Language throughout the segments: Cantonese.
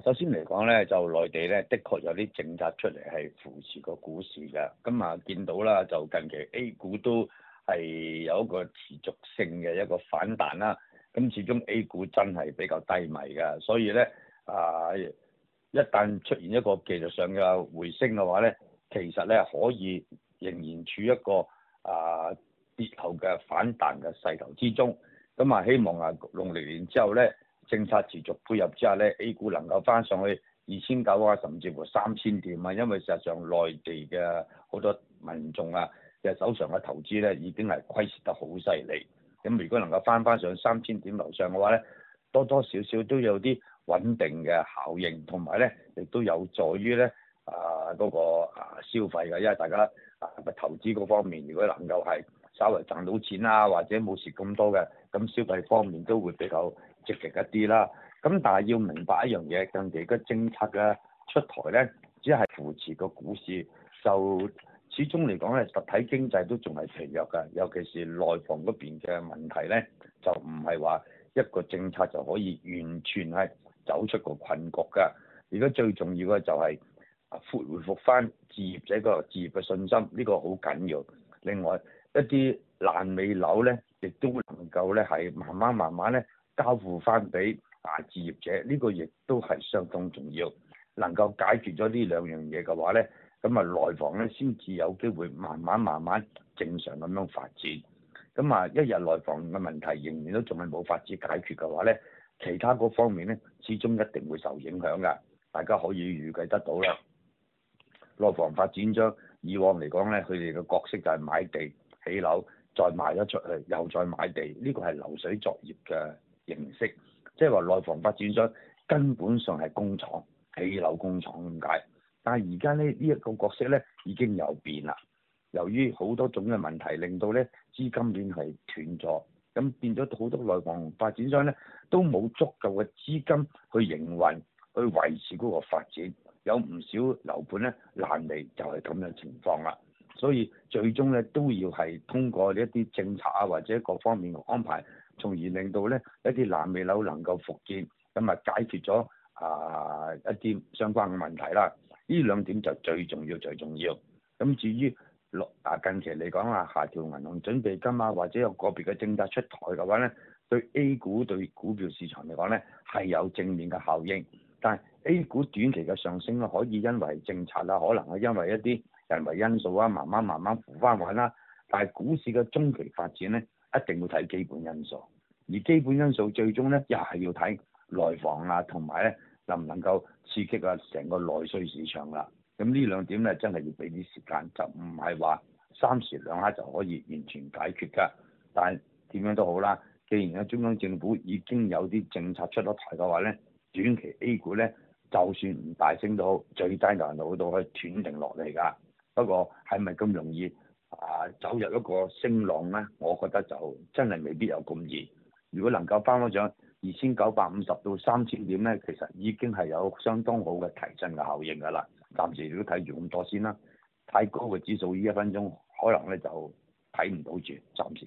首先嚟講咧，就內地咧，的確有啲政策出嚟係扶持個股市嘅。咁啊，見到啦，就近期 A 股都係有一個持續性嘅一個反彈啦。咁始終 A 股真係比較低迷嘅，所以咧啊，一旦出現一個技術上嘅回升嘅話咧，其實咧可以仍然處一個啊跌後嘅反彈嘅勢頭之中。咁啊，希望啊農曆年之後咧～政策持續配合之下咧，A 股能夠翻上去二千九啊，甚至乎三千點啊。因為事實上內地嘅好多民眾啊，其實手上嘅投資咧已經係虧蝕得好犀利。咁如果能夠翻翻上三千點樓上嘅話咧，多多少少都有啲穩定嘅效應，同埋咧亦都有助於咧啊嗰、那個啊消費嘅，因為大家啊投資嗰方面如果能夠係稍微賺到錢啊，或者冇蝕咁多嘅，咁消費方面都會比較積極一啲啦，咁但係要明白一樣嘢，近期嘅政策嘅出台咧，只係扶持個股市，就始終嚟講咧，實體經濟都仲係疲弱噶，尤其是內房嗰邊嘅問題咧，就唔係話一個政策就可以完全係走出個困局噶。而家最重要嘅就係復恢復翻置業者個置業嘅信心，呢個好緊要。另外一啲爛尾樓咧，亦都能夠咧係慢慢慢慢咧。交付翻俾啊置業者，呢個亦都係相當重要。能夠解決咗呢兩樣嘢嘅話呢，咁啊內房咧先至有機會慢慢慢慢正常咁樣發展。咁啊，一日內房嘅問題仍然都仲係冇法子解決嘅話，呢其他嗰方面呢，始終一定會受影響嘅，大家可以預計得到啦。內房發展將以往嚟講，呢佢哋嘅角色就係買地起樓，再賣咗出去，又再買地，呢個係流水作業嘅。形式，即係話內房發展商根本上係工廠，起樓工廠咁解。但係而家呢呢一個角色呢已經有變啦。由於好多種嘅問題，令到呢資金鏈係斷咗，咁變咗好多內房發展商呢都冇足夠嘅資金去營運，去維持嗰個發展，有唔少樓盤呢難嚟就係咁嘅情況啦。所以最終呢都要係通過一啲政策啊，或者各方面嘅安排。從而令到咧一啲爛尾樓能夠復建，咁啊解決咗啊、呃、一啲相關嘅問題啦。呢兩點就最重要、最重要。咁至於落啊近期嚟講啊，下調銀行準備金啊，或者有個別嘅政策出台嘅話咧，對 A 股對股票市場嚟講咧係有正面嘅效應。但係 A 股短期嘅上升咧，可以因為政策啦、啊，可能係因為一啲人為因素啊，慢慢慢慢扶翻穩啦。但係股市嘅中期發展咧，一定要睇基本因素，而基本因素最終呢，又係要睇內房啊，同埋呢，能唔能夠刺激啊成個內需市場啦。咁呢兩點呢，真係要俾啲時間，就唔係話三時兩刻就可以完全解決噶。但係點樣都好啦，既然啊中央政府已經有啲政策出咗台嘅話呢，短期 A 股呢，就算唔大升都好，最低難度都可以斷定落嚟噶。不過係咪咁容易？啊，走入一個升浪咧，我覺得就真係未必有咁易。如果能夠返返上二千九百五十到三千點咧，其實已經係有相當好嘅提振嘅效應㗎啦。暫時都睇住咁多先啦，太高嘅指數呢，一分鐘可能咧就睇唔到住，暫時。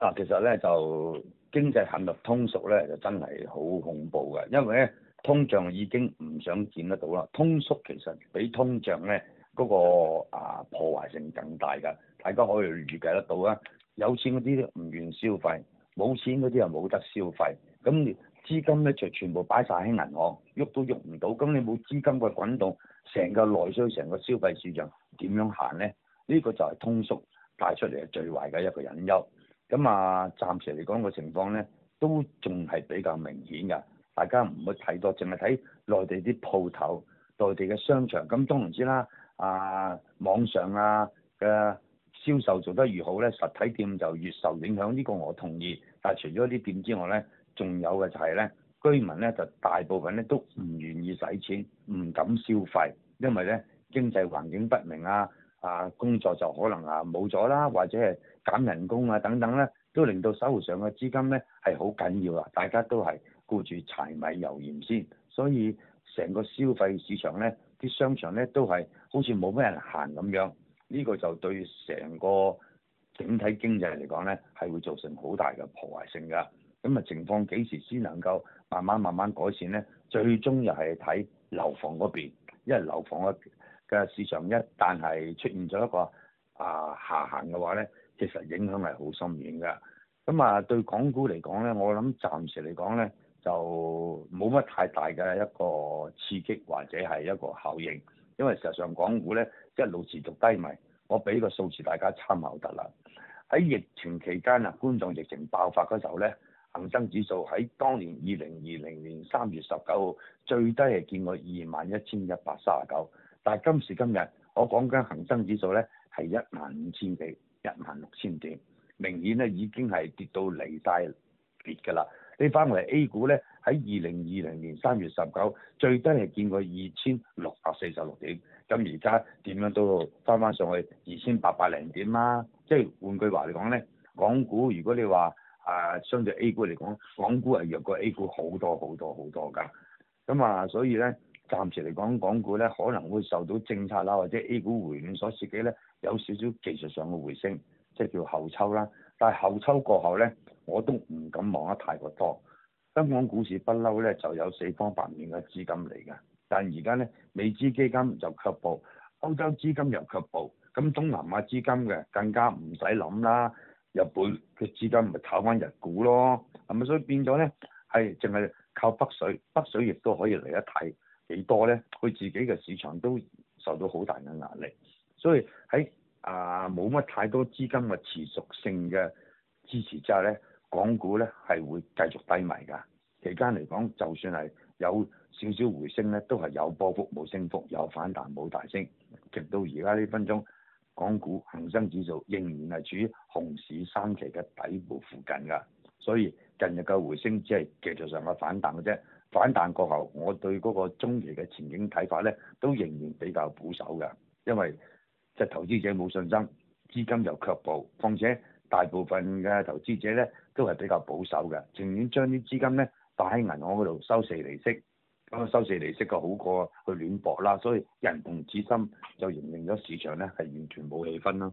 嗱、啊，其實咧就經濟陷入通縮咧，就真係好恐怖嘅。因為咧通脹已經唔想見得到啦，通縮其實比通脹咧嗰、嗰個啊破壞性更大㗎。大家可以預計得到啊，有錢嗰啲唔願消費，冇錢嗰啲又冇得消費。咁資金咧就全部擺晒喺銀行，喐都喐唔到。咁你冇資金嘅滾動，成個內需成個消費市場點樣行咧？呢、呢個就係通縮帶出嚟嘅最壞嘅一個隱憂。咁啊，暫時嚟講個情況咧，都仲係比較明顯㗎。大家唔好睇多，淨係睇內地啲鋪頭、內地嘅商場。咁當然知啦、啊，啊網上啊嘅、啊、銷售做得越好咧，實體店就越受影響。呢、呢個我同意。但係除咗啲店之外咧，仲有嘅就係咧，居民咧就大部分咧都唔願意使錢，唔敢消費，因為咧經濟環境不明啊。啊，工作就可能啊冇咗啦，或者係減人工啊等等呢都令到手上嘅資金呢係好緊要啊！大家都係顧住柴米油鹽先，所以成個消費市場呢啲商場呢都係好似冇咩人行咁樣。呢個就對成個整體經濟嚟講呢係會造成好大嘅破壞性㗎。咁啊，情況幾時先能夠慢慢慢慢改善呢？最終又係睇樓房嗰邊，因為樓房一嘅市場一旦係出現咗一個啊下行嘅話呢，其實影響係好深遠嘅。咁啊，對港股嚟講呢，我諗暫時嚟講呢，就冇乜太大嘅一個刺激或者係一個效應，因為事實上港股呢一路持續低迷。我俾個數字大家參考得啦。喺疫情期間啊，冠狀疫情爆發嗰時候呢，恒生指數喺當年二零二零年三月十九號最低係見過二萬一千一百三十九。但係今時今日，我講緊恒生指數咧，係一萬五千幾、一萬六千點，明顯咧已經係跌到離曬別㗎啦。你翻嚟 A 股咧，喺二零二零年三月十九最低係見過二千六百四十六點，咁而家點樣都翻翻上去二千八百零點啦。即係換句話嚟講咧，港股如果你話啊、呃，相對 A 股嚟講，港股係弱過 A 股好多好多好多㗎，咁啊，所以咧。暫時嚟講，港股咧可能會受到政策啦，或者 A 股回暖所刺激咧，有少少技術上嘅回升，即係叫後抽啦。但係後抽過後咧，我都唔敢望得太過多。香港股市不嬲咧，就有四方八面嘅資金嚟㗎。但而家咧，美資基金就卻步，歐洲資金又卻步，咁東南亞資金嘅更加唔使諗啦。日本嘅資金咪炒翻日股咯，係咪？所以變咗咧，係淨係靠北水，北水亦都可以嚟一睇。幾多呢？佢自己嘅市場都受到好大嘅壓力，所以喺啊冇乜太多資金嘅持續性嘅支持之下呢，港股呢係會繼續低迷㗎。期間嚟講，就算係有少少回升呢，都係有波幅冇升幅，有反彈冇大升。直到而家呢分鐘，港股恒生指數仍然係處於熊市三期嘅底部附近㗎，所以近日嘅回升只係技術上嘅反彈嘅啫。反彈過後，我對嗰個中期嘅前景睇法咧，都仍然比較保守嘅，因為即係投資者冇信心，資金又卻步，況且大部分嘅投資者咧都係比較保守嘅，情願將啲資金咧擺喺銀行嗰度收四厘息，咁啊收四厘息嘅好過去亂搏啦，所以人窮志短，就形成咗市場咧係完全冇氣氛咯。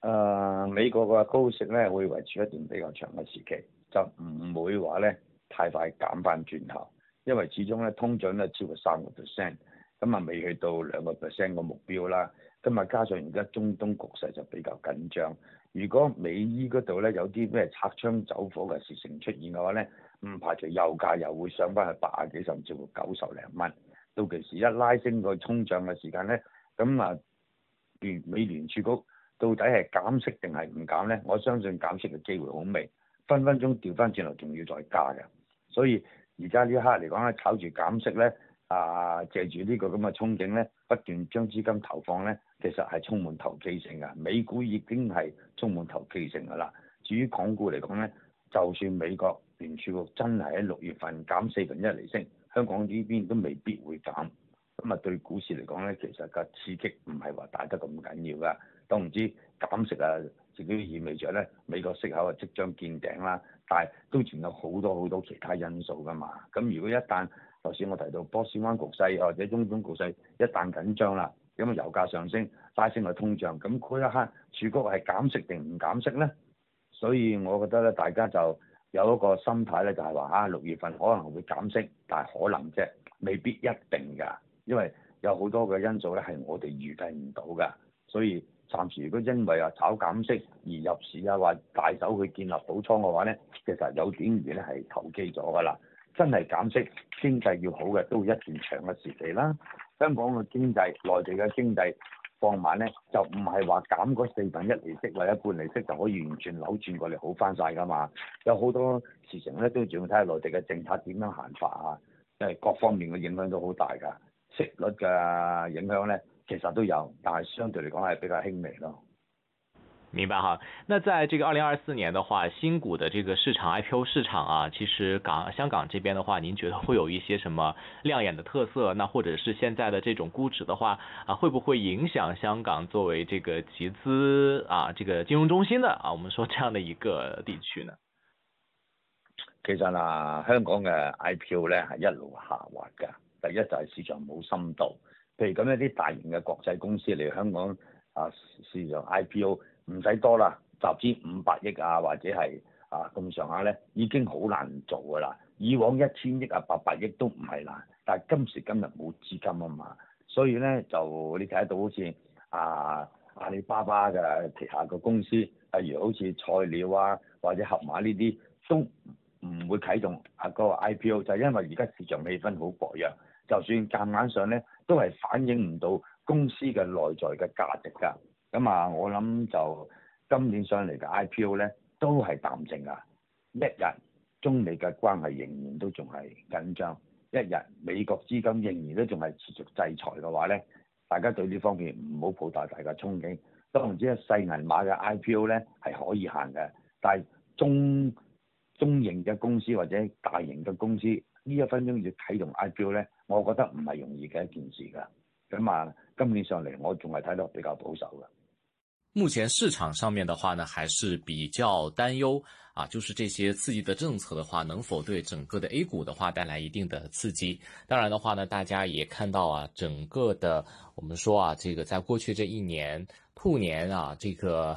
誒，uh, 美國嘅高息咧，會維持一段比較長嘅時期，就唔會話咧太快減翻轉頭，因為始終咧通脹咧超過三個 percent，咁啊未去到兩個 percent 個目標啦，咁啊加上而家中東局勢就比較緊張，如果美伊嗰度咧有啲咩擦槍走火嘅事情出現嘅話咧，唔排除油價又會上翻去八十幾甚至乎九十零蚊，到其時一拉升個通脹嘅時間咧，咁啊聯美聯儲局。到底係減息定係唔減呢？我相信減息嘅機會好微，分分鐘調翻轉來，仲要再加嘅。所以而家呢一刻嚟講咧，炒住減息呢，啊借住呢個咁嘅憧憬呢，不斷將資金投放呢，其實係充滿投機性㗎。美股已經係充滿投機性㗎啦。至於港股嚟講呢，就算美國聯儲局真係喺六月份減四分一厘息，香港呢邊都未必會減。咁啊，對股市嚟講呢，其實個刺激唔係話大得咁緊要㗎。都唔知減息啊，亦都意味著咧美國息口啊即將見頂啦。但係都仲有好多好多其他因素噶嘛。咁如果一旦頭先我提到波斯灣局勢或者中東局勢一旦緊張啦，因為油價上升，帶升嘅通脹，咁嗰一刻儲局係減息定唔減息咧？所以我覺得咧，大家就有一個心態咧，就係話啊六月份可能會減息，但係可能啫，就是，未必一定㗎。因為有好多嘅因素咧，係我哋預計唔到㗎，所以。暫時如果因為啊炒減息而入市啊，或大手去建立保倉嘅話咧，其實有啲嘢咧係投機咗㗎啦。真係減息，經濟要好嘅都一段長嘅時期啦。香港嘅經濟、內地嘅經濟放慢咧，就唔係話減嗰四分一利息或者半利息就可以完全扭轉過嚟好翻晒㗎嘛。有好多事情咧都要仲要睇下內地嘅政策點樣行法啊，即係各方面嘅影響都好大㗎，息率嘅影響咧。其實都有，但係相對嚟講係比較輕微咯。明白哈，那在這個二零二四年的話，新股的這個市場 IPO 市場啊，其實港香港這邊的話，您覺得會有一些什麼亮眼的特色？那或者是現在的這種估值的話，啊，會不會影響香港作為這個集資啊，這個金融中心的啊，我們說這樣的一個地區呢？其實啊，香港嘅 IPO 呢係一路下滑㗎。第一就係市場冇深度。譬如咁一啲大型嘅國際公司嚟香港啊，市場 IPO 唔使多啦，集資五百億啊，或者係啊咁上下咧，已經好難做㗎啦。以往一千億啊、八百億都唔係難，但係今時今日冇資金啊嘛，所以咧就你睇到好似啊阿里巴巴嘅旗下嘅公司，例如好似菜鳥啊或者盒馬呢啲，都唔會啟動啊個 IPO，就係因為而家市場氣氛好薄弱。就算夾硬上咧，都係反映唔到公司嘅內在嘅價值㗎。咁啊，我諗就今年上嚟嘅 IPO 咧，都係淡靜啊。一日中美嘅關係仍然都仲係緊張，一日美國資金仍然都仲係持續制裁嘅話咧，大家對呢方面唔好抱大大嘅憧憬。當然之細銀碼嘅 IPO 咧係可以行嘅，但係中中型嘅公司或者大型嘅公司，呢一分鐘要啟動 IPO 咧。我覺得唔係容易嘅一件事㗎，咁啊今年上嚟我仲係睇到比較保守嘅。目前市場上面嘅話呢，還是比較擔憂啊，就是這些刺激的政策嘅話，能否對整個嘅 A 股嘅話帶來一定嘅刺激？當然嘅話呢，大家也看到啊，整個嘅。我們說啊，這個在過去這一年、兔年啊，這個。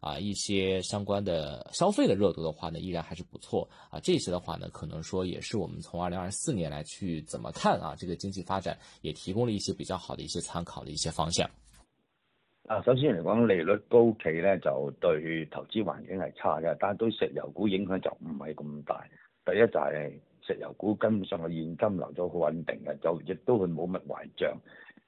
啊，一些相關的消費的熱度的話呢，依然還是不錯啊。這些的話呢，可能說也是我們從二零二四年來去怎麼看啊，這個經濟發展也提供了一些比較好的一些參考的一些方向。啊，首先嚟講，利率高企咧，就對投資環境係差嘅，但係對石油股影響就唔係咁大。第一就係石油股根本上嘅現金流咗好穩定嘅，就亦都佢冇乜壞賬。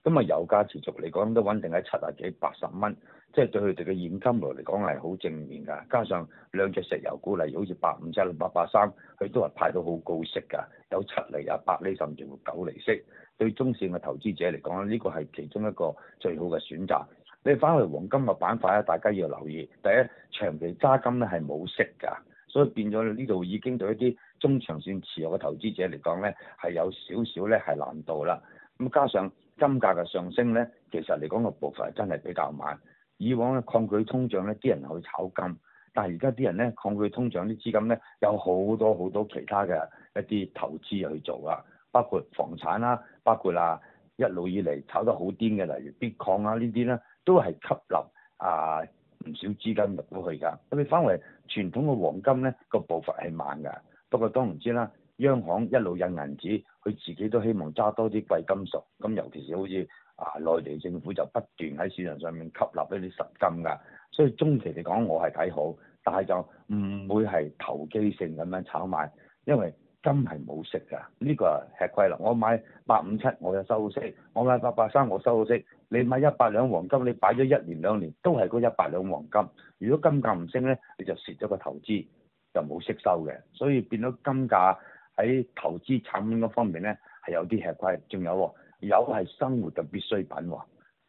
咁啊，油價持續嚟講都穩定喺七啊幾八十蚊。即係對佢哋嘅現金流嚟講係好正面㗎，加上兩隻石油股，例如好似八五七六、八八三，佢都係派到好高息㗎，有七厘、啊、八厘甚至乎九厘息。對中線嘅投資者嚟講呢、呢個係其中一個最好嘅選擇。你翻去黃金嘅板塊咧，大家要留意，第一長期揸金咧係冇息㗎，所以變咗呢度已經對一啲中長線持有嘅投資者嚟講咧係有少少咧係難度啦。咁加上金價嘅上升咧，其實嚟講個步伐真係比較慢。以往咧抗拒通脹咧，啲人去炒金，但係而家啲人咧抗拒通脹啲資金咧，有好多好多其他嘅一啲投資去做啊，包括房產啦、啊，包括啊一路以嚟炒得好癲嘅，例如 Bitcoin 啊呢啲啦，都係吸納啊唔少資金入到去噶。咁你翻回傳統嘅黃金咧，個步伐係慢噶，不過當然知啦，央行一路印銀紙，佢自己都希望揸多啲貴金屬，咁尤其是好似。啊！內地政府就不斷喺市場上面吸納呢啲實金㗎，所以中期嚟講我係睇好，但係就唔會係投機性咁樣炒賣，因為金係冇息㗎，呢、這個係吃虧喇。我買八五七，我有收息；我買八八三，我收息。你買一百兩黃金，你擺咗一年兩年都係嗰一百兩黃金。如果金價唔升呢，你就蝕咗個投資，就冇息收嘅。所以變咗金價喺投資產品嗰方面呢，係有啲吃虧，仲有。油係生活嘅必需品喎，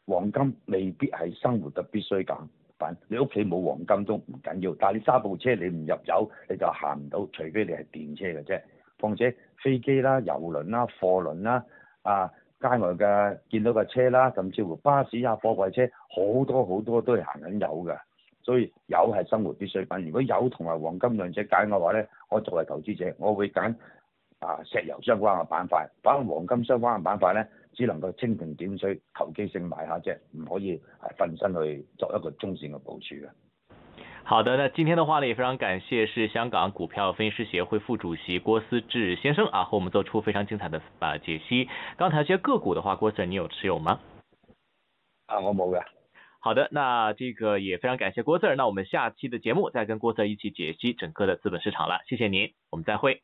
黃金未必係生活嘅必需品。你屋企冇黃金都唔緊要，但係你揸部車你唔入油你就行唔到，除非你係電車嘅啫。況且飛機啦、郵輪啦、貨輪啦、啊街外嘅見到嘅車啦，甚至乎巴士啊、貨櫃車好多好多都係行緊油嘅，所以油係生活必需品。如果油同埋黃金兩者揀嘅話咧，我作為投資者，我會揀啊石油相關嘅板塊，反黃金相關嘅板塊咧。只能夠蜻蜓點水、投機性買下啫，唔可以係瞓身去作一個中線嘅部署嘅。好的，那今天的話呢，也非常感謝是香港股票分析師協會副主席郭思治先生啊，和我們做出非常精彩的啊解析。剛才一些個股的話，郭 Sir 你有持有嗎？啊，我冇嘅。好的，那這個也非常感謝郭 Sir。那我們下期的節目再跟郭 Sir 一起解析整個的資本市場啦。謝謝您，我們再會。